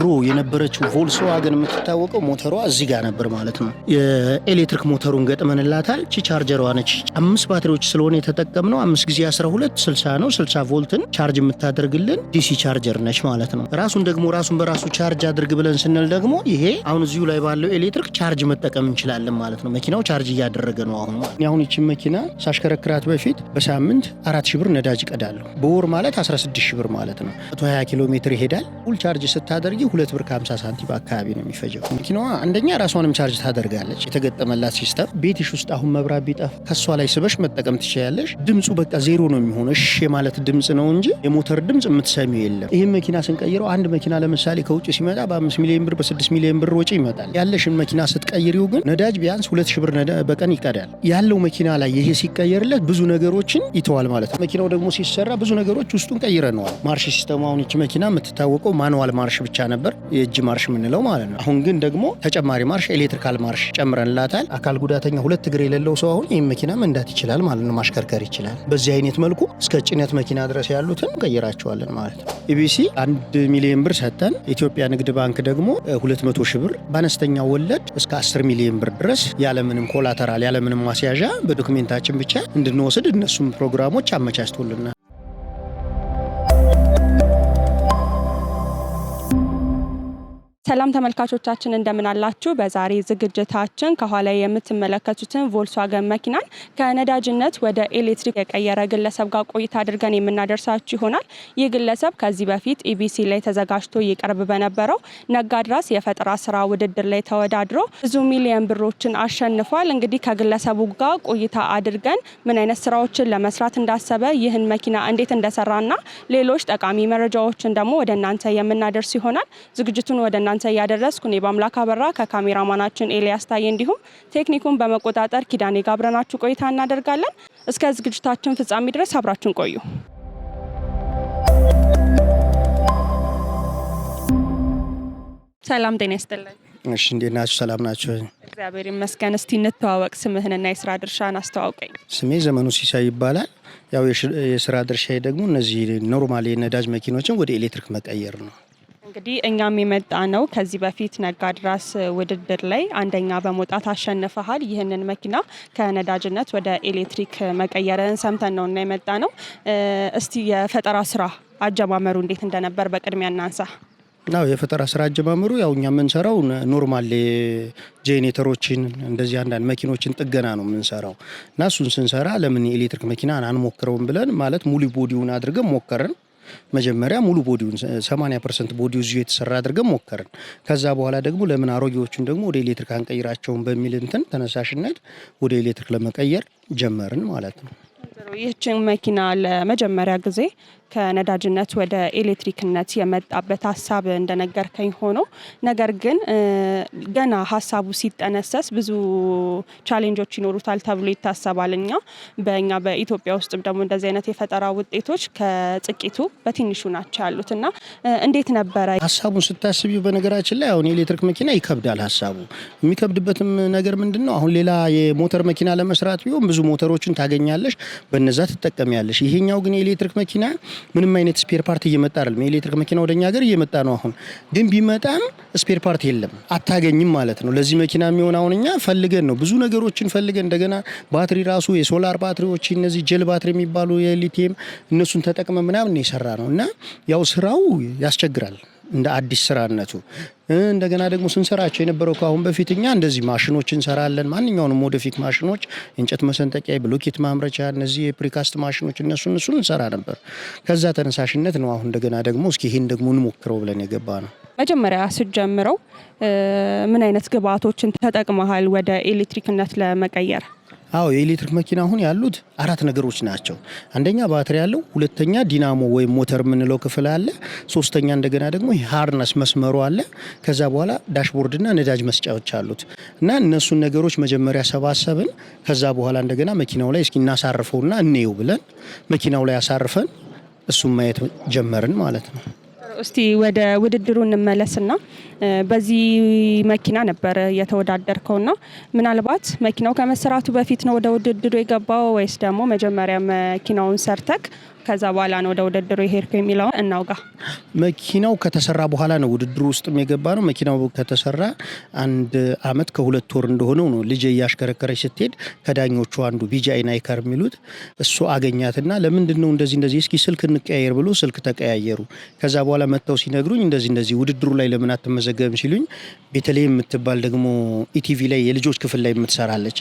ድሮ የነበረችው ቮልስዋገን የምትታወቀው ሞተሯ እዚህ ጋር ነበር ማለት ነው። የኤሌክትሪክ ሞተሩን ገጥመንላታል። ቺ ቻርጀሯ ነች። አምስት ባትሪዎች ስለሆነ የተጠቀምነው አምስት ጊዜ 12 60 ነው። 60 ቮልትን ቻርጅ የምታደርግልን ዲሲ ቻርጀር ነች ማለት ነው። ራሱን ደግሞ ራሱን በራሱ ቻርጅ አድርግ ብለን ስንል ደግሞ ይሄ አሁን እዚሁ ላይ ባለው ኤሌክትሪክ ቻርጅ መጠቀም እንችላለን ማለት ነው። መኪናው ቻርጅ እያደረገ ነው። አሁን አሁን ይችን መኪና ሳሽከረክራት በፊት በሳምንት አራት ሺ ብር ነዳጅ ይቀዳለሁ። በወር ማለት 16 ሺ ብር ማለት ነው። 120 ኪሎ ሜትር ይሄዳል። ፉል ቻርጅ ስታደርጊ ሁለት ብር ከ50 ሳንቲም አካባቢ ነው የሚፈጀው። መኪናዋ አንደኛ ራሷንም ቻርጅ ታደርጋለች፣ የተገጠመላት ሲስተም። ቤትሽ ውስጥ አሁን መብራት ቢጠፋ ከእሷ ላይ ስበሽ መጠቀም ትችላለሽ። ድምፁ በቃ ዜሮ ነው የሚሆነው። እሽ የማለት ድምፅ ነው እንጂ የሞተር ድምፅ የምትሰሚው የለም። ይህም መኪና ስንቀይረው አንድ መኪና ለምሳሌ ከውጭ ሲመጣ በአምስት ሚሊዮን ብር በስድስት ሚሊዮን ብር ወጪ ይመጣል። ያለሽን መኪና ስትቀይሪው ግን ነዳጅ ቢያንስ ሁለት ብር በቀን ይቀዳል። ያለው መኪና ላይ ይሄ ሲቀየርለት ብዙ ነገሮችን ይተዋል ማለት ነው። መኪናው ደግሞ ሲሰራ ብዙ ነገሮች ውስጡን ቀይረነዋል። ማርሽ ሲስተሙ አሁን ይቺ መኪና የምትታወቀው ማንዋል ማርሽ ብቻ ነበር። ነበር፣ የእጅ ማርሽ የምንለው ማለት ነው። አሁን ግን ደግሞ ተጨማሪ ማርሽ፣ ኤሌክትሪካል ማርሽ ጨምረንላታል። አካል ጉዳተኛ ሁለት እግር የሌለው ሰው አሁን ይህም መኪና መንዳት ይችላል ማለት ነው፣ ማሽከርከር ይችላል። በዚህ አይነት መልኩ እስከ ጭነት መኪና ድረስ ያሉትን ቀይራቸዋለን ማለት ነው። ኢቢሲ አንድ ሚሊዮን ብር ሰጠን። ኢትዮጵያ ንግድ ባንክ ደግሞ 200 ሺህ ብር በአነስተኛ ወለድ እስከ 10 ሚሊዮን ብር ድረስ ያለምንም ኮላተራል ያለምንም ማስያዣ በዶክሜንታችን ብቻ እንድንወስድ እነሱም ፕሮግራሞች አመቻችቶልናል። ሰላም ተመልካቾቻችን እንደምን አላችሁ? በዛሬ ዝግጅታችን ከኋላ የምትመለከቱትን ቮልስዋገን መኪናን ከነዳጅነት ወደ ኤሌክትሪክ የቀየረ ግለሰብ ጋር ቆይታ አድርገን የምናደርሳችሁ ይሆናል። ይህ ግለሰብ ከዚህ በፊት ኢቢሲ ላይ ተዘጋጅቶ ይቀርብ በነበረው ነጋድራስ የፈጠራ ስራ ውድድር ላይ ተወዳድሮ ብዙ ሚሊዮን ብሮችን አሸንፏል። እንግዲህ ከግለሰቡ ጋር ቆይታ አድርገን ምን አይነት ስራዎችን ለመስራት እንዳሰበ፣ ይህን መኪና እንዴት እንደሰራና ሌሎች ጠቃሚ መረጃዎችን ደግሞ ወደ እናንተ የምናደርስ ይሆናል። ዝግጅቱን ወደ እናንተ እናንተ እያደረስኩ እኔ በአምላክ አበራ ከካሜራማናችን ኤልያስ ታዬ እንዲሁም ቴክኒኩን በመቆጣጠር ኪዳኔ ጋብረናችሁ ቆይታ እናደርጋለን። እስከ ዝግጅታችን ፍጻሜ ድረስ አብራችን ቆዩ። ሰላም ጤና ይስጥልን። እሺ እንዴት ናችሁ? ሰላም ናቸው። እግዚአብሔር ይመስገን። እስቲ እንተዋወቅ፣ ስምህንና የስራ ድርሻን አስተዋውቀኝ። ስሜ ዘመኑ ሲሳይ ይባላል። ያው የስራ ድርሻዬ ደግሞ እነዚህ ኖርማል የነዳጅ መኪኖችን ወደ ኤሌክትሪክ መቀየር ነው። እንግዲህ እኛም የመጣ ነው ከዚህ በፊት ነጋድራስ ውድድር ላይ አንደኛ በመውጣት አሸንፈሃል። ይህንን መኪና ከነዳጅነት ወደ ኤሌክትሪክ መቀየርህን ሰምተን ነው እና የመጣ ነው። እስቲ የፈጠራ ስራ አጀማመሩ እንዴት እንደነበር በቅድሚያ እናንሳ። አዎ የፈጠራ ስራ አጀማመሩ ያው እኛ የምንሰራው ኖርማል ጄኔተሮችን እንደዚህ አንዳንድ መኪኖችን ጥገና ነው የምንሰራው እና እሱን ስንሰራ ለምን የኤሌክትሪክ መኪና አንሞክረውም ብለን ማለት ሙሉ ቦዲውን አድርገን ሞከርን። መጀመሪያ ሙሉ ቦዲውን 80 ፐርሰንት ቦዲው እዚሁ የተሰራ አድርገን ሞከርን። ከዛ በኋላ ደግሞ ለምን አሮጌዎቹን ደግሞ ወደ ኤሌክትሪክ አንቀይራቸውን በሚል እንትን ተነሳሽነት ወደ ኤሌክትሪክ ለመቀየር ጀመርን ማለት ነው። ይህችን መኪና ለመጀመሪያ ጊዜ ከነዳጅነት ወደ ኤሌክትሪክነት የመጣበት ሀሳብ እንደነገርከኝ ሆኖ ነገር ግን ገና ሀሳቡ ሲጠነሰስ ብዙ ቻሌንጆች ይኖሩታል ተብሎ ይታሰባል። እኛ በእኛ በኢትዮጵያ ውስጥም ደግሞ እንደዚህ አይነት የፈጠራ ውጤቶች ከጥቂቱ በትንሹ ናቸው ያሉት እና እንዴት ነበረ ሀሳቡን ስታስቢው? በነገራችን ላይ አሁን የኤሌክትሪክ መኪና ይከብዳል ሀሳቡ። የሚከብድበትም ነገር ምንድን ነው? አሁን ሌላ የሞተር መኪና ለመስራት ቢሆን ብዙ ሞተሮችን ታገኛለሽ፣ በነዛ ትጠቀሚያለሽ። ይሄኛው ግን የኤሌክትሪክ መኪና ምንም አይነት ስፔር ፓርት እየመጣ አይደለም። የኤሌክትሪክ መኪና ወደኛ ሀገር እየመጣ ነው። አሁን ግን ቢመጣም ስፔር ፓርት የለም፣ አታገኝም ማለት ነው። ለዚህ መኪና የሚሆን አሁን እኛ ፈልገን ነው ብዙ ነገሮችን ፈልገን እንደገና ባትሪ ራሱ የሶላር ባትሪዎች እነዚህ ጀል ባትሪ የሚባሉ የሊቲየም እነሱን ተጠቅመ ምናምን የሰራ ነው እና ያው ስራው ያስቸግራል። እንደ አዲስ ስራነቱ እንደገና ደግሞ ስንሰራቸው የነበረው ከአሁን በፊት እኛ እንደዚህ ማሽኖች እንሰራለን። ማንኛውንም ወደፊት ማሽኖች እንጨት መሰንጠቂያ፣ ብሎኬት ማምረቻ፣ እነዚህ የፕሪካስት ማሽኖች እነሱ እነሱን እንሰራ ነበር። ከዛ ተነሳሽነት ነው አሁን እንደገና ደግሞ እስኪ ይሄን ደግሞ እንሞክረው ብለን የገባ ነው። መጀመሪያ ስጀምረው ምን አይነት ግብአቶችን ተጠቅመሃል ወደ ኤሌክትሪክነት ለመቀየር? አዎ የኤሌክትሪክ መኪና አሁን ያሉት አራት ነገሮች ናቸው። አንደኛ ባትሪ ያለው፣ ሁለተኛ ዲናሞ ወይም ሞተር የምንለው ክፍል አለ፣ ሶስተኛ እንደገና ደግሞ ሃርነስ መስመሩ አለ። ከዛ በኋላ ዳሽቦርድና ነዳጅ መስጫዎች አሉት እና እነሱን ነገሮች መጀመሪያ ሰባሰብን። ከዛ በኋላ እንደገና መኪናው ላይ እስኪ እናሳርፈውና እንየው ብለን መኪናው ላይ አሳርፈን እሱም ማየት ጀመርን ማለት ነው። እስቲ ወደ ውድድሩ እንመለስና በዚህ መኪና ነበረ የተወዳደርከውና ምናልባት መኪናው ከመሰራቱ በፊት ነው ወደ ውድድሩ የገባው ወይስ ደግሞ መጀመሪያ መኪናውን ሰርተክ ከዛ በኋላ ነው ወደ ውድድሩ የሄድኩ የሚለው እናውጋ። መኪናው ከተሰራ በኋላ ነው ውድድሩ ውስጥም የገባ ነው። መኪናው ከተሰራ አንድ አመት ከሁለት ወር እንደሆነው ነው ልጅ እያሽከረከረች ስትሄድ ከዳኞቹ አንዱ ቢጃይ ናይከር የሚሉት እሱ አገኛትና ለምንድን ነው እንደዚህ እንደዚህ እስኪ ስልክ እንቀያየር ብሎ ስልክ ተቀያየሩ። ከዛ በኋላ መጥተው ሲነግሩኝ እንደዚህ እንደዚህ ውድድሩ ላይ ለምን አትመዘገብም ሲሉኝ ቤተልሔም የምትባል ደግሞ ኢቲቪ ላይ የልጆች ክፍል ላይ የምትሰራለች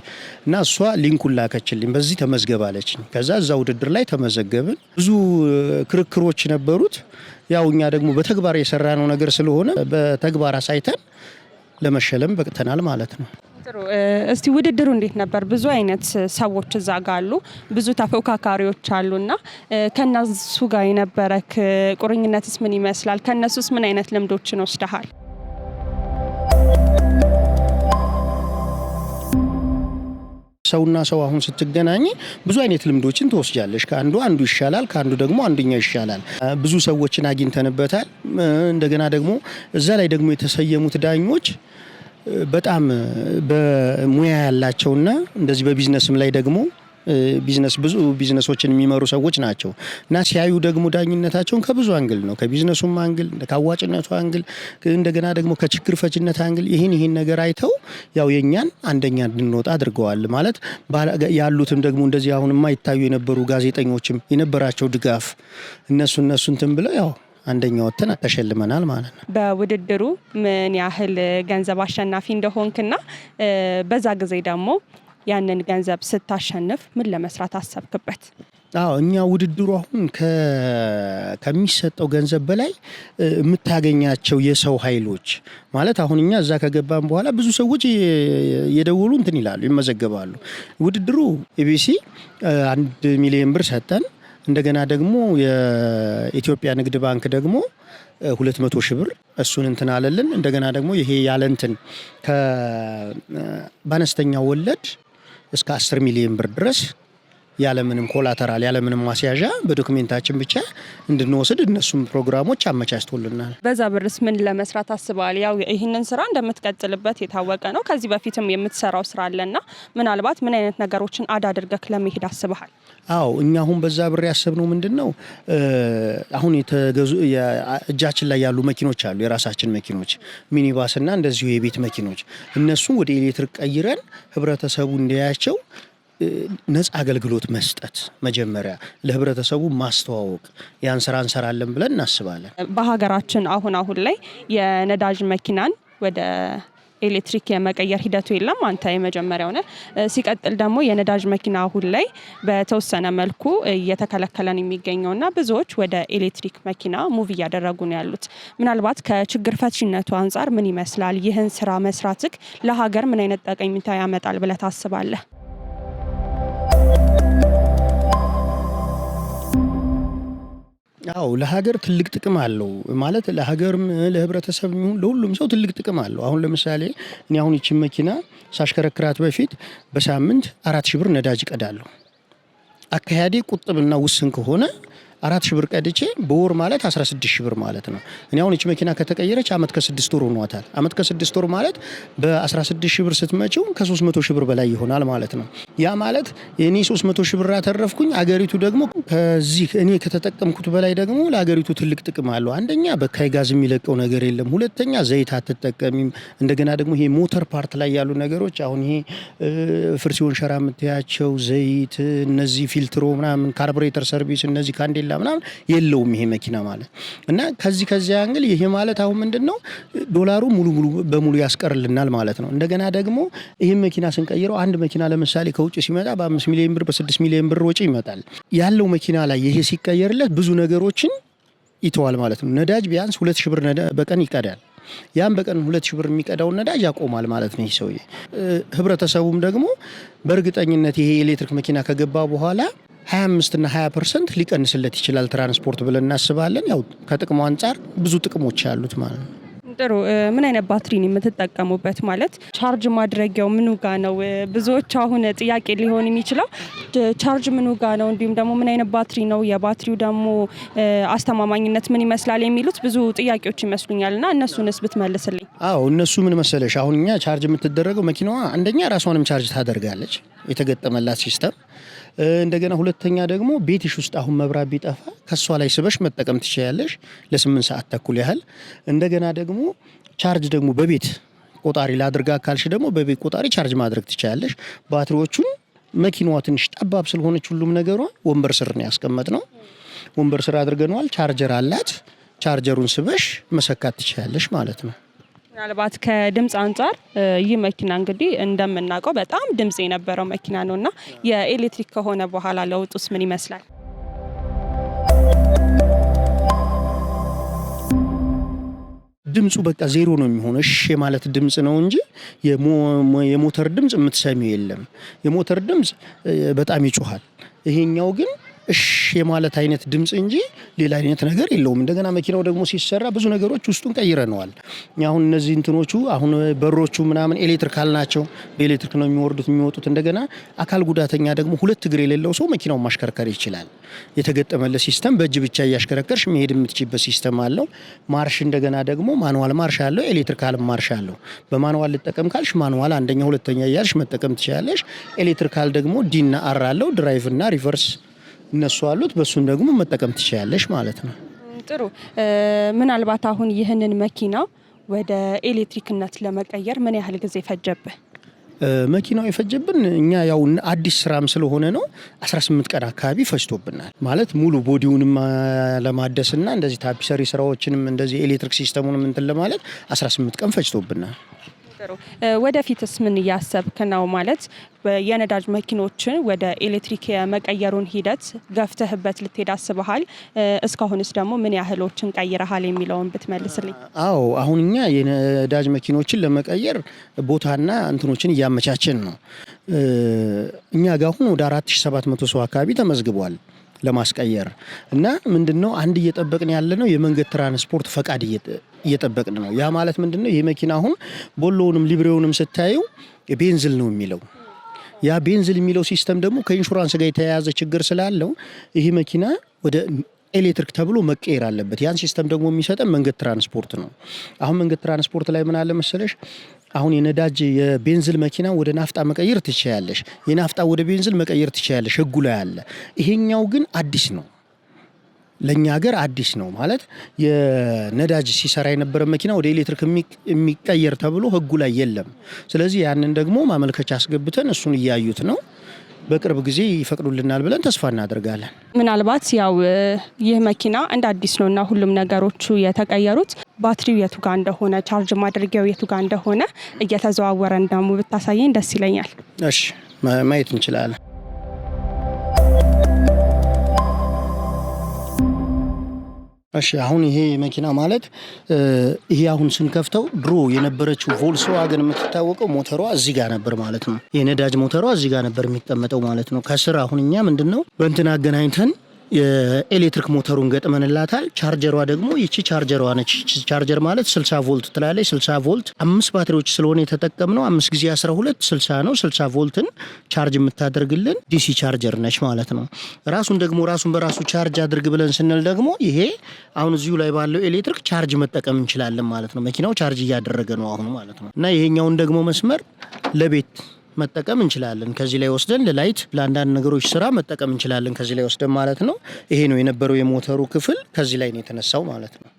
እና እሷ ሊንኩን ላከችልኝ። በዚህ ተመዝገባለች። ከዛ እዛ ውድድር ላይ ተመዘገብን። ብዙ ክርክሮች ነበሩት። ያው እኛ ደግሞ በተግባር የሰራነው ነገር ስለሆነ በተግባር አሳይተን ለመሸለም በቅተናል ማለት ነው። ጥሩ እስቲ ውድድሩ እንዴት ነበር? ብዙ አይነት ሰዎች እዛ ጋ አሉ፣ ብዙ ተፎካካሪዎች አሉና ከእነሱ ጋር የነበረ ቁርኝነትስ ምን ይመስላል? ከእነሱስ ምን አይነት ልምዶችን ወስደሃል? ሰውና ሰው አሁን ስትገናኝ ብዙ አይነት ልምዶችን ትወስጃለሽ። ከአንዱ አንዱ ይሻላል፣ ከአንዱ ደግሞ አንዱኛው ይሻላል። ብዙ ሰዎችን አግኝተንበታል። እንደገና ደግሞ እዛ ላይ ደግሞ የተሰየሙት ዳኞች በጣም በሙያ ያላቸውና እንደዚህ በቢዝነስም ላይ ደግሞ ቢዝነስ ብዙ ቢዝነሶችን የሚመሩ ሰዎች ናቸው እና ሲያዩ ደግሞ ዳኝነታቸውን ከብዙ አንግል ነው፣ ከቢዝነሱም አንግል፣ ከአዋጭነቱ አንግል፣ እንደገና ደግሞ ከችግር ፈችነት አንግል ይህን ይህን ነገር አይተው ያው የእኛን አንደኛ እንድንወጣ አድርገዋል። ማለት ያሉትም ደግሞ እንደዚህ አሁን የማይታዩ የነበሩ ጋዜጠኞችም የነበራቸው ድጋፍ እነሱ እነሱ እንትን ብለው ያው አንደኛ ወጥተን ተሸልመናል ማለት ነው። በውድድሩ ምን ያህል ገንዘብ አሸናፊ እንደሆንክና በዛ ጊዜ ደግሞ ያንን ገንዘብ ስታሸንፍ ምን ለመስራት አሰብክበት? አዎ እኛ ውድድሩ አሁን ከሚሰጠው ገንዘብ በላይ የምታገኛቸው የሰው ኃይሎች ማለት አሁን እኛ እዛ ከገባን በኋላ ብዙ ሰዎች የደወሉ እንትን ይላሉ፣ ይመዘገባሉ። ውድድሩ ኢቢሲ አንድ ሚሊዮን ብር ሰጠን። እንደገና ደግሞ የኢትዮጵያ ንግድ ባንክ ደግሞ ሁለት መቶ ሺህ ብር እሱን እንትን አለልን። እንደገና ደግሞ ይሄ ያለ እንትን በአነስተኛ ወለድ እስከ 10 ሚሊዮን ብር ድረስ ያለምንም ኮላተራል ያለምንም ማስያዣ በዶክሜንታችን ብቻ እንድንወስድ እነሱም ፕሮግራሞች አመቻችቶልናል። በዛ ብርስ ምን ለመስራት አስበዋል? ያው ይህንን ስራ እንደምትቀጥልበት የታወቀ ነው። ከዚህ በፊትም የምትሰራው ስራ አለና ምናልባት ምን አይነት ነገሮችን አድ አድርገህ ለመሄድ አስበሃል? አዎ እኛ አሁን በዛ ብር ያሰብነው ምንድን ነው አሁን የተገዙ እጃችን ላይ ያሉ መኪኖች አሉ፣ የራሳችን መኪኖች ሚኒባስና እንደዚሁ የቤት መኪኖች እነሱን ወደ ኤሌክትሪክ ቀይረን ህብረተሰቡ እንዲያያቸው ነፃ አገልግሎት መስጠት መጀመሪያ ለህብረተሰቡ ማስተዋወቅ ያን ስራ እንሰራለን ብለን እናስባለን። በሀገራችን አሁን አሁን ላይ የነዳጅ መኪናን ወደ ኤሌክትሪክ የመቀየር ሂደቱ የለም። አንተ የመጀመሪያው ነህ። ሲቀጥል ደግሞ የነዳጅ መኪና አሁን ላይ በተወሰነ መልኩ እየተከለከለ ነው የሚገኘውና ብዙዎች ወደ ኤሌክትሪክ መኪና ሙቭ እያደረጉ ነው ያሉት። ምናልባት ከችግር ፈቺነቱ አንጻር ምን ይመስላል? ይህን ስራ መስራትክ ለሀገር ምን አይነት ጠቀሜታ ያመጣል ብለህ ታስባለህ? አዎ ለሀገር ትልቅ ጥቅም አለው ማለት ለሀገርም ለህብረተሰብ ይሁን ለሁሉም ሰው ትልቅ ጥቅም አለው። አሁን ለምሳሌ እኔ አሁን ይቺን መኪና ሳሽከረክራት በፊት በሳምንት አራት ሺህ ብር ነዳጅ እቀዳለሁ። አካሄዴ ቁጥብና ውስን ከሆነ አራት ሽብር ብር ቀድቼ በወር ማለት 16 ሺህ ብር ማለት ነው። እኔ አሁን ይች መኪና ከተቀየረች አመት ከስድስት ወር ሆኗታል። አመት ከስድስት ወር ማለት በ16 ሽብር ብር ስትመጪው ከ300 ሺህ ብር በላይ ይሆናል ማለት ነው። ያ ማለት እኔ 300 ሺህ ብር አተረፍኩኝ። አገሪቱ ደግሞ ከዚህ እኔ ከተጠቀምኩት በላይ ደግሞ ለአገሪቱ ትልቅ ጥቅም አለው። አንደኛ በካይ ጋዝ የሚለቀው ነገር የለም። ሁለተኛ ዘይት አትጠቀሚም። እንደገና ደግሞ ይሄ ሞተር ፓርት ላይ ያሉ ነገሮች አሁን ይሄ ፍርሲዮን ሸራ የምትያቸው ዘይት፣ እነዚህ ፊልትሮ ምናምን፣ ካርቡሬተር ሰርቪስ እነዚህ ካንዴ ቪላ ምናምን የለውም ይሄ መኪና ማለት እና ከዚህ ከዚያ አንግል ይሄ ማለት አሁን ምንድን ነው ዶላሩ ሙሉ ሙሉ በሙሉ ያስቀርልናል ማለት ነው። እንደገና ደግሞ ይህን መኪና ስንቀይረው አንድ መኪና ለምሳሌ ከውጭ ሲመጣ በአምስት ሚሊዮን ብር በስድስት ሚሊዮን ብር ወጪ ይመጣል። ያለው መኪና ላይ ይሄ ሲቀየርለት ብዙ ነገሮችን ይተዋል ማለት ነው። ነዳጅ ቢያንስ ሁለት ሺህ ብር በቀን ይቀዳል። ያም በቀን ሁለት ሺህ ብር የሚቀዳውን ነዳጅ ያቆማል ማለት ነው ይህ ሰውዬ። ህብረተሰቡም ደግሞ በእርግጠኝነት ይሄ የኤሌክትሪክ መኪና ከገባ በኋላ 25 እና 20 ፐርሰንት ሊቀንስለት ይችላል ትራንስፖርት ብለን እናስባለን። ያው ከጥቅሙ አንጻር ብዙ ጥቅሞች ያሉት ማለት ነው። ጥሩ ምን አይነት ባትሪን የምትጠቀሙበት ማለት ቻርጅ ማድረጊያው ምኑ ጋ ነው? ብዙዎች አሁን ጥያቄ ሊሆን የሚችለው ቻርጅ ምኑ ጋ ነው፣ እንዲሁም ደግሞ ምን አይነት ባትሪ ነው፣ የባትሪው ደግሞ አስተማማኝነት ምን ይመስላል የሚሉት ብዙ ጥያቄዎች ይመስሉኛል እና እነሱንስ ብትመልስልኝ። አዎ እነሱ ምን መሰለሽ፣ አሁን እኛ ቻርጅ የምትደረገው መኪናዋ አንደኛ ራሷንም ቻርጅ ታደርጋለች፣ የተገጠመላት ሲስተም እንደገና ሁለተኛ ደግሞ ቤትሽ ውስጥ አሁን መብራት ቢጠፋ ከእሷ ላይ ስበሽ መጠቀም ትችያለሽ ለስምንት ሰዓት ተኩል ያህል። እንደገና ደግሞ ቻርጅ ደግሞ በቤት ቆጣሪ ላድርጋ አካልሽ ደግሞ በቤት ቆጣሪ ቻርጅ ማድረግ ትችያለሽ። ባትሪዎቹን መኪናዋ ትንሽ ጠባብ ስለሆነች ሁሉም ነገሯ ወንበር ስር ነው ያስቀመጥ ነው። ወንበር ስር አድርገነዋል። ቻርጀር አላት። ቻርጀሩን ስበሽ መሰካት ትችያለሽ ማለት ነው። ምናልባት ከድምፅ አንጻር ይህ መኪና እንግዲህ እንደምናውቀው በጣም ድምፅ የነበረው መኪና ነው እና የኤሌክትሪክ ከሆነ በኋላ ለውጡስ ምን ይመስላል? ድምፁ በቃ ዜሮ ነው የሚሆነው። እሺ ማለት ድምፅ ነው እንጂ የሞተር ድምፅ የምትሰሚው የለም። የሞተር ድምፅ በጣም ይጮሃል። ይሄኛው ግን እሽ የማለት አይነት ድምፅ እንጂ ሌላ አይነት ነገር የለውም። እንደገና መኪናው ደግሞ ሲሰራ ብዙ ነገሮች ውስጡን ቀይረነዋል። አሁን እነዚህ እንትኖቹ አሁን በሮቹ ምናምን ኤሌክትሪካል ናቸው። በኤሌክትሪክ ነው የሚወርዱት የሚወጡት። እንደገና አካል ጉዳተኛ ደግሞ ሁለት እግር የሌለው ሰው መኪናውን ማሽከርከር ይችላል። የተገጠመለት ሲስተም በእጅ ብቻ እያሽከረከርሽ መሄድ የምትችበት ሲስተም አለው። ማርሽ እንደገና ደግሞ ማንዋል ማርሽ አለው፣ ኤሌክትሪካል ማርሽ አለው። በማንዋል ልጠቀም ካልሽ ማንዋል አንደኛ ሁለተኛ እያልሽ መጠቀም ትችላለሽ። ኤሌክትሪካል ደግሞ ዲና አር አለው ድራይቭ እና ሪቨርስ እነሱ አሉት። በእሱን ደግሞ መጠቀም ትችላለሽ ማለት ነው። ጥሩ። ምናልባት አሁን ይህንን መኪና ወደ ኤሌክትሪክነት ለመቀየር ምን ያህል ጊዜ ፈጀብህ? መኪናው የፈጀብን እኛ ያው አዲስ ስራም ስለሆነ ነው 18 ቀን አካባቢ ፈጅቶብናል። ማለት ሙሉ ቦዲውንም ለማደስና እንደዚህ ታፒሰሪ ስራዎችንም እንደዚህ ኤሌክትሪክ ሲስተሙንም እንትን ለማለት 18 ቀን ፈጅቶብናል። ጥሩ። ወደፊትስ ምን እያሰብክ ነው? ማለት የነዳጅ መኪኖችን ወደ ኤሌክትሪክ የመቀየሩን ሂደት ገፍተህበት ልትሄድ አስበሃል? እስካሁንስ ደግሞ ምን ያህሎችን ቀይረሃል የሚለውን ብትመልስልኝ። አዎ፣ አሁን እኛ የነዳጅ መኪኖችን ለመቀየር ቦታና እንትኖችን እያመቻችን ነው። እኛ ጋር አሁን ወደ 4700 ሰው አካባቢ ተመዝግቧል። ለማስቀየር እና ምንድን ነው አንድ እየጠበቅን ያለ ነው የመንገድ ትራንስፖርት ፈቃድ እየጠበቅን ነው። ያ ማለት ምንድን ነው ይህ መኪና አሁን ቦሎውንም ሊብሬውንም ስታየው ቤንዝል ነው የሚለው ያ ቤንዝል የሚለው ሲስተም ደግሞ ከኢንሹራንስ ጋር የተያያዘ ችግር ስላለው ይህ መኪና ወደ ኤሌክትሪክ ተብሎ መቀየር አለበት። ያን ሲስተም ደግሞ የሚሰጠን መንገድ ትራንስፖርት ነው። አሁን መንገድ ትራንስፖርት ላይ ምን አለ መሰለሽ አሁን የነዳጅ የቤንዝል መኪና ወደ ናፍጣ መቀየር ትችያለሽ፣ የናፍጣ ወደ ቤንዝል መቀየር ትችያለሽ፣ ህጉ ላይ አለ። ይሄኛው ግን አዲስ ነው ለእኛ ሀገር አዲስ ነው ማለት የነዳጅ ሲሰራ የነበረ መኪና ወደ ኤሌክትሪክ የሚቀየር ተብሎ ህጉ ላይ የለም። ስለዚህ ያንን ደግሞ ማመልከቻ አስገብተን እሱን እያዩት ነው። በቅርብ ጊዜ ይፈቅዱልናል ብለን ተስፋ እናደርጋለን። ምናልባት ያው ይህ መኪና እንደ አዲስ ነው እና ሁሉም ነገሮቹ የተቀየሩት ባትሪው የቱ ጋር እንደሆነ ቻርጅ ማድረጊያው የቱ ጋር እንደሆነ እየተዘዋወረ እንደሞ ብታሳየኝ ደስ ይለኛል። እሺ ማየት እንችላለን። እሺ አሁን ይሄ መኪና ማለት ይሄ አሁን ስንከፍተው ድሮ የነበረችው ቮልስዋገን የምትታወቀው ሞተሯ እዚህ ጋር ነበር ማለት ነው። የነዳጅ ሞተሯ እዚህ ጋር ነበር የሚቀመጠው ማለት ነው። ከስር አሁን እኛ ምንድን ነው በእንትን አገናኝተን የኤሌክትሪክ ሞተሩን ገጥመንላታል። ቻርጀሯ ደግሞ ይቺ ቻርጀሯ ነች። ቻርጀር ማለት 60 ቮልት ትላለች። 60 ቮልት አምስት ባትሪዎች ስለሆነ የተጠቀምነው አምስት ጊዜ 12 60 ነው። 60 ቮልትን ቻርጅ የምታደርግልን ዲሲ ቻርጀር ነች ማለት ነው። ራሱን ደግሞ ራሱን በራሱ ቻርጅ አድርግ ብለን ስንል ደግሞ ይሄ አሁን እዚሁ ላይ ባለው ኤሌክትሪክ ቻርጅ መጠቀም እንችላለን ማለት ነው። መኪናው ቻርጅ እያደረገ ነው አሁኑ ማለት ነው። እና ይሄኛውን ደግሞ መስመር ለቤት መጠቀም እንችላለን። ከዚህ ላይ ወስደን ለላይት ለአንዳንድ ነገሮች ስራ መጠቀም እንችላለን። ከዚህ ላይ ወስደን ማለት ነው። ይሄ ነው የነበረው የሞተሩ ክፍል። ከዚህ ላይ ነው የተነሳው ማለት ነው።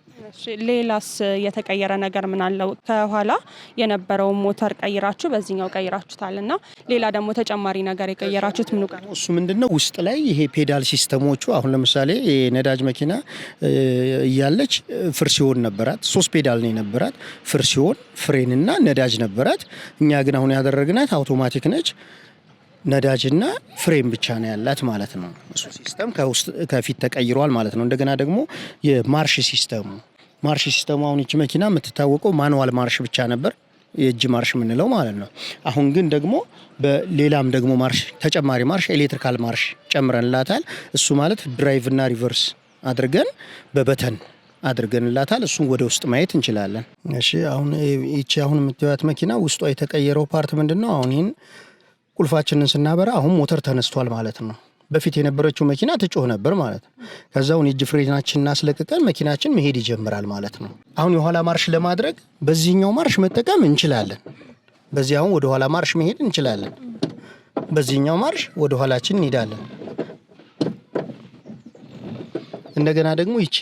ሌላስ የተቀየረ ነገር ምን አለው? ከኋላ የነበረውን ሞተር ቀይራችሁ በዚህኛው ቀይራችሁታል እና ሌላ ደግሞ ተጨማሪ ነገር የቀየራችሁት ምኑ እሱ ምንድነው ውስጥ ላይ ይሄ ፔዳል ሲስተሞቹ አሁን ለምሳሌ ነዳጅ መኪና እያለች ሲሆን ነበራት። ሶስት ፔዳል ነው የነበራት ሲሆን ፍሬንና ነዳጅ ነበራት። እኛ ግን አሁን ያደረግናት አውቶማቲክ ነች። ነዳጅና ፍሬም ብቻ ነው ያላት ማለት ነው። እሱ ሲስተም ከፊት ተቀይሯል ማለት ነው። እንደገና ደግሞ የማርሽ ሲስተሙ ማርሽ ሲስተሙ አሁን ይቺ መኪና የምትታወቀው ማንዋል ማርሽ ብቻ ነበር የእጅ ማርሽ የምንለው ማለት ነው። አሁን ግን ደግሞ በሌላም ደግሞ ማርሽ ተጨማሪ ማርሽ ኤሌክትሪካል ማርሽ ጨምረንላታል። እሱ ማለት ድራይቭና ሪቨርስ አድርገን በበተን አድርገንላታል። እሱን ወደ ውስጥ ማየት እንችላለን። እሺ አሁን ይቺ አሁን የምትያት መኪና ውስጧ የተቀየረው ፓርት ምንድን ነው? አሁን ይህን ቁልፋችንን ስናበራ አሁን ሞተር ተነስቷል ማለት ነው። በፊት የነበረችው መኪና ትጮህ ነበር ማለት ነው። ከዛውን የእጅ ፍሬናችን እናስለቅቀን መኪናችን መሄድ ይጀምራል ማለት ነው። አሁን የኋላ ማርሽ ለማድረግ በዚህኛው ማርሽ መጠቀም እንችላለን። በዚህ አሁን ወደ ኋላ ማርሽ መሄድ እንችላለን። በዚህኛው ማርሽ ወደ ኋላችን እንሄዳለን። እንደገና ደግሞ ይቺ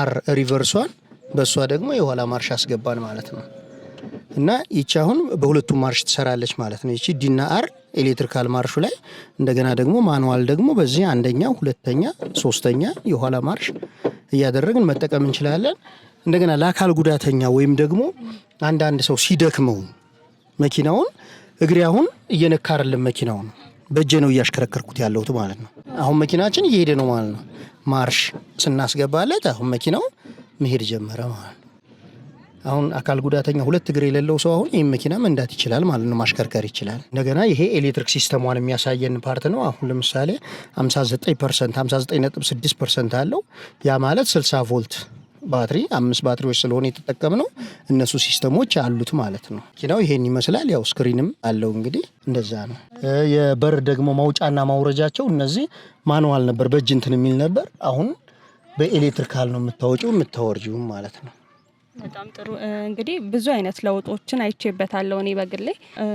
አር ሪቨርሷን በእሷ ደግሞ የኋላ ማርሽ አስገባን ማለት ነው። እና ይቺ አሁን በሁለቱም ማርሽ ትሰራለች ማለት ነው። ይቺ ዲና አር ኤሌክትሪካል ማርሹ ላይ እንደገና ደግሞ ማንዋል ደግሞ በዚህ አንደኛ፣ ሁለተኛ፣ ሶስተኛ የኋላ ማርሽ እያደረግን መጠቀም እንችላለን። እንደገና ለአካል ጉዳተኛ ወይም ደግሞ አንዳንድ ሰው ሲደክመው መኪናውን እግሬ አሁን እየነካርልን መኪናውን በእጄ ነው እያሽከረከርኩት ያለሁት ማለት ነው። አሁን መኪናችን እየሄደ ነው ማለት ነው። ማርሽ ስናስገባለት አሁን መኪናው መሄድ ጀመረ ማለት ነው። አሁን አካል ጉዳተኛ ሁለት እግር የሌለው ሰው አሁን ይህም መኪና መንዳት ይችላል ማለት ነው፣ ማሽከርከር ይችላል። እንደገና ይሄ ኤሌክትሪክ ሲስተሟን የሚያሳየን ፓርት ነው። አሁን ለምሳሌ 59 ፐርሰንት 59.6 ፐርሰንት አለው። ያ ማለት 60 ቮልት ባትሪ አምስት ባትሪዎች ስለሆነ የተጠቀምነው እነሱ ሲስተሞች አሉት ማለት ነው። መኪናው ይሄን ይመስላል። ያው ስክሪንም አለው እንግዲህ እንደዛ ነው። የበር ደግሞ ማውጫና ማውረጃቸው እነዚህ ማንዋል ነበር፣ በእጅ እንትን የሚል ነበር። አሁን በኤሌክትሪካል ነው የምታወጪው የምታወርጂውም ማለት ነው። በጣም ጥሩ እንግዲህ ብዙ አይነት ለውጦችን አይቼበታለሁ እኔ በግሌ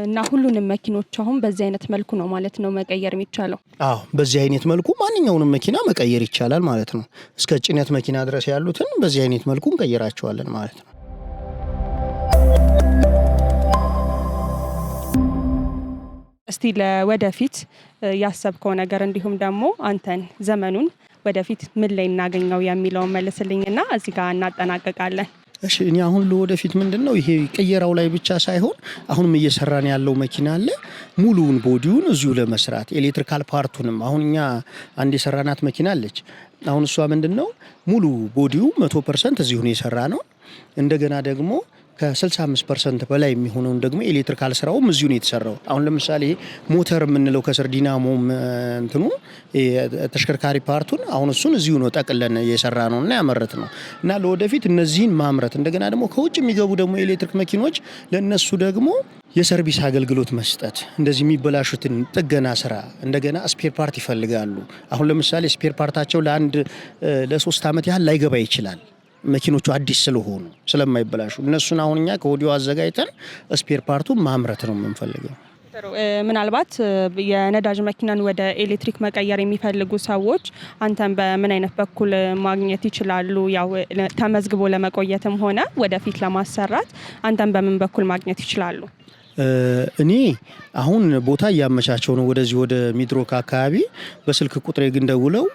እና ሁሉንም መኪኖች አሁን በዚህ አይነት መልኩ ነው ማለት ነው መቀየር የሚቻለው። አዎ በዚህ አይነት መልኩ ማንኛውንም መኪና መቀየር ይቻላል ማለት ነው። እስከ ጭነት መኪና ድረስ ያሉትን በዚህ አይነት መልኩ እንቀይራቸዋለን ማለት ነው። እስቲ ለወደፊት ያሰብከው ነገር እንዲሁም ደግሞ አንተን ዘመኑን ወደፊት ምን ላይ እናገኘው የሚለውን መልስልኝና እዚህ ጋር እናጠናቀቃለን። እሺ እኔ አሁን ለወደፊት ምንድን ነው ይሄ ቀየራው ላይ ብቻ ሳይሆን አሁንም እየሰራን ያለው መኪና አለ ሙሉውን ቦዲውን እዚሁ ለመስራት ኤሌክትሪካል ፓርቱንም አሁን እኛ አንድ የሰራናት መኪና አለች። አሁን እሷ ምንድን ነው ሙሉ ቦዲው መቶ ፐርሰንት እዚሁ ነው የሰራ ነው። እንደገና ደግሞ ከ65 ፐርሰንት በላይ የሚሆነውን ደግሞ ኤሌክትሪካል ስራውም እዚሁ ነው የተሰራው። አሁን ለምሳሌ ሞተር የምንለው ከስር ዲናሞ እንትኑ ተሽከርካሪ ፓርቱን አሁን እሱን እዚሁ ነው ጠቅለን የሰራ ነው እና ያመረት ነው እና ለወደፊት እነዚህን ማምረት እንደገና ደግሞ ከውጭ የሚገቡ ደግሞ የኤሌክትሪክ መኪኖች ለእነሱ ደግሞ የሰርቪስ አገልግሎት መስጠት እንደዚህ የሚበላሹትን ጥገና ስራ እንደገና ስፔር ፓርት ይፈልጋሉ። አሁን ለምሳሌ ስፔር ፓርታቸው ለአንድ ለሶስት ዓመት ያህል ላይገባ ይችላል። መኪኖቹ አዲስ ስለሆኑ ስለማይበላሹ እነሱን አሁን እኛ ከወዲሁ አዘጋጅተን ስፔር ፓርቱ ማምረት ነው የምንፈልገው። ምናልባት የነዳጅ መኪናን ወደ ኤሌክትሪክ መቀየር የሚፈልጉ ሰዎች አንተን በምን አይነት በኩል ማግኘት ይችላሉ? ያው ተመዝግቦ ለመቆየትም ሆነ ወደፊት ለማሰራት አንተን በምን በኩል ማግኘት ይችላሉ? እኔ አሁን ቦታ እያመቻቸው ነው። ወደዚህ ወደ ሚድሮክ አካባቢ በስልክ ቁጥሬ ግን ደውለው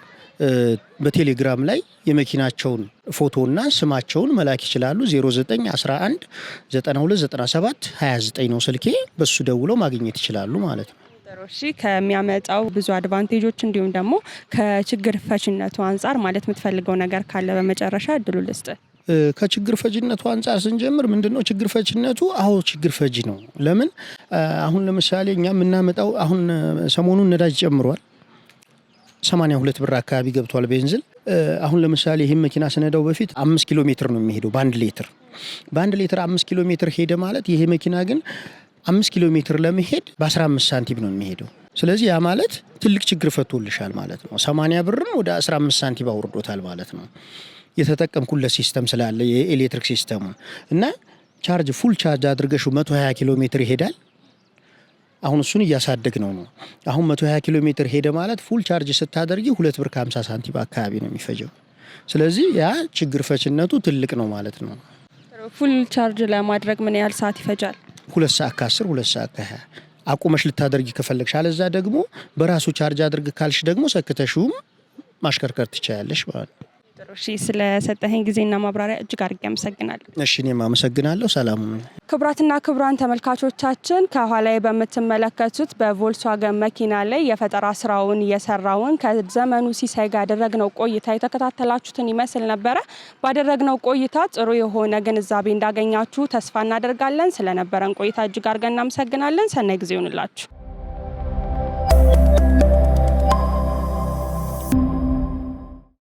በቴሌግራም ላይ የመኪናቸውን ፎቶና ስማቸውን መላክ ይችላሉ። 0911 ነው ስልኬ። በሱ ደውለው ማግኘት ይችላሉ ማለት ነው። እሺ ከሚያመጣው ብዙ አድቫንቴጆች እንዲሁም ደግሞ ከችግር ፈችነቱ አንጻር ማለት የምትፈልገው ነገር ካለ በመጨረሻ እድሉ ልስጥ። ከችግር ፈጅነቱ አንጻር ስንጀምር ምንድን ነው ችግር ፈጅነቱ? አዎ ችግር ፈጅ ነው። ለምን አሁን ለምሳሌ እኛ የምናመጣው አሁን ሰሞኑን ነዳጅ ጨምሯል። 82 ብር አካባቢ ገብቷል ቤንዝል። አሁን ለምሳሌ ይህም መኪና ስነዳው በፊት አምስት ኪሎ ሜትር ነው የሚሄደው በአንድ ሌትር በአንድ ሌትር አምስት ኪሎ ሜትር ሄደ ማለት ይሄ መኪና ግን አምስት ኪሎ ሜትር ለመሄድ በ15 ሳንቲም ነው የሚሄደው። ስለዚህ ያ ማለት ትልቅ ችግር ፈቶልሻል ማለት ነው። 80 ብርም ወደ 15 ሳንቲም አውርዶታል ማለት ነው። የተጠቀምኩለት ሲስተም ስላለ የኤሌክትሪክ ሲስተሙ እና ቻርጅ ፉል ቻርጅ አድርገሽው 120 ኪሎ ሜትር ይሄዳል አሁን እሱን እያሳደግ ነው ነው አሁን 120 ኪሎ ሜትር ሄደ ማለት ፉል ቻርጅ ስታደርጊ ሁለት ብር ከ50 ሳንቲም አካባቢ ነው የሚፈጀው። ስለዚህ ያ ችግር ፈችነቱ ትልቅ ነው ማለት ነው። ፉል ቻርጅ ለማድረግ ምን ያህል ሰዓት ይፈጃል? ሁለት ሰዓት ከአስር ሁለት ሰዓት ከሀያ አቁመሽ ልታደርጊ ከፈለግሽ፣ አለዛ ደግሞ በራሱ ቻርጅ አድርግ ካልሽ ደግሞ ሰክተሽውም ማሽከርከር ትቻያለሽ ማለት ነው። ጥሩ እሺ፣ ስለሰጠኸኝ ጊዜና ማብራሪያ እጅግ አድርጌ አመሰግናለሁ። እሺ፣ እኔም አመሰግናለሁ። ሰላም። ክቡራትና ክቡራን ተመልካቾቻችን ከኋላ በምትመለከቱት በቮልስዋገን መኪና ላይ የፈጠራ ስራውን እየሰራውን ከዘመኑ ሲሳይ ጋር ያደረግነው ቆይታ የተከታተላችሁትን ይመስል ነበረ። ባደረግነው ቆይታ ጥሩ የሆነ ግንዛቤ እንዳገኛችሁ ተስፋ እናደርጋለን። ስለነበረን ቆይታ እጅግ አድርገን እናመሰግናለን። ሰናይ ጊዜ ይሁንላችሁ።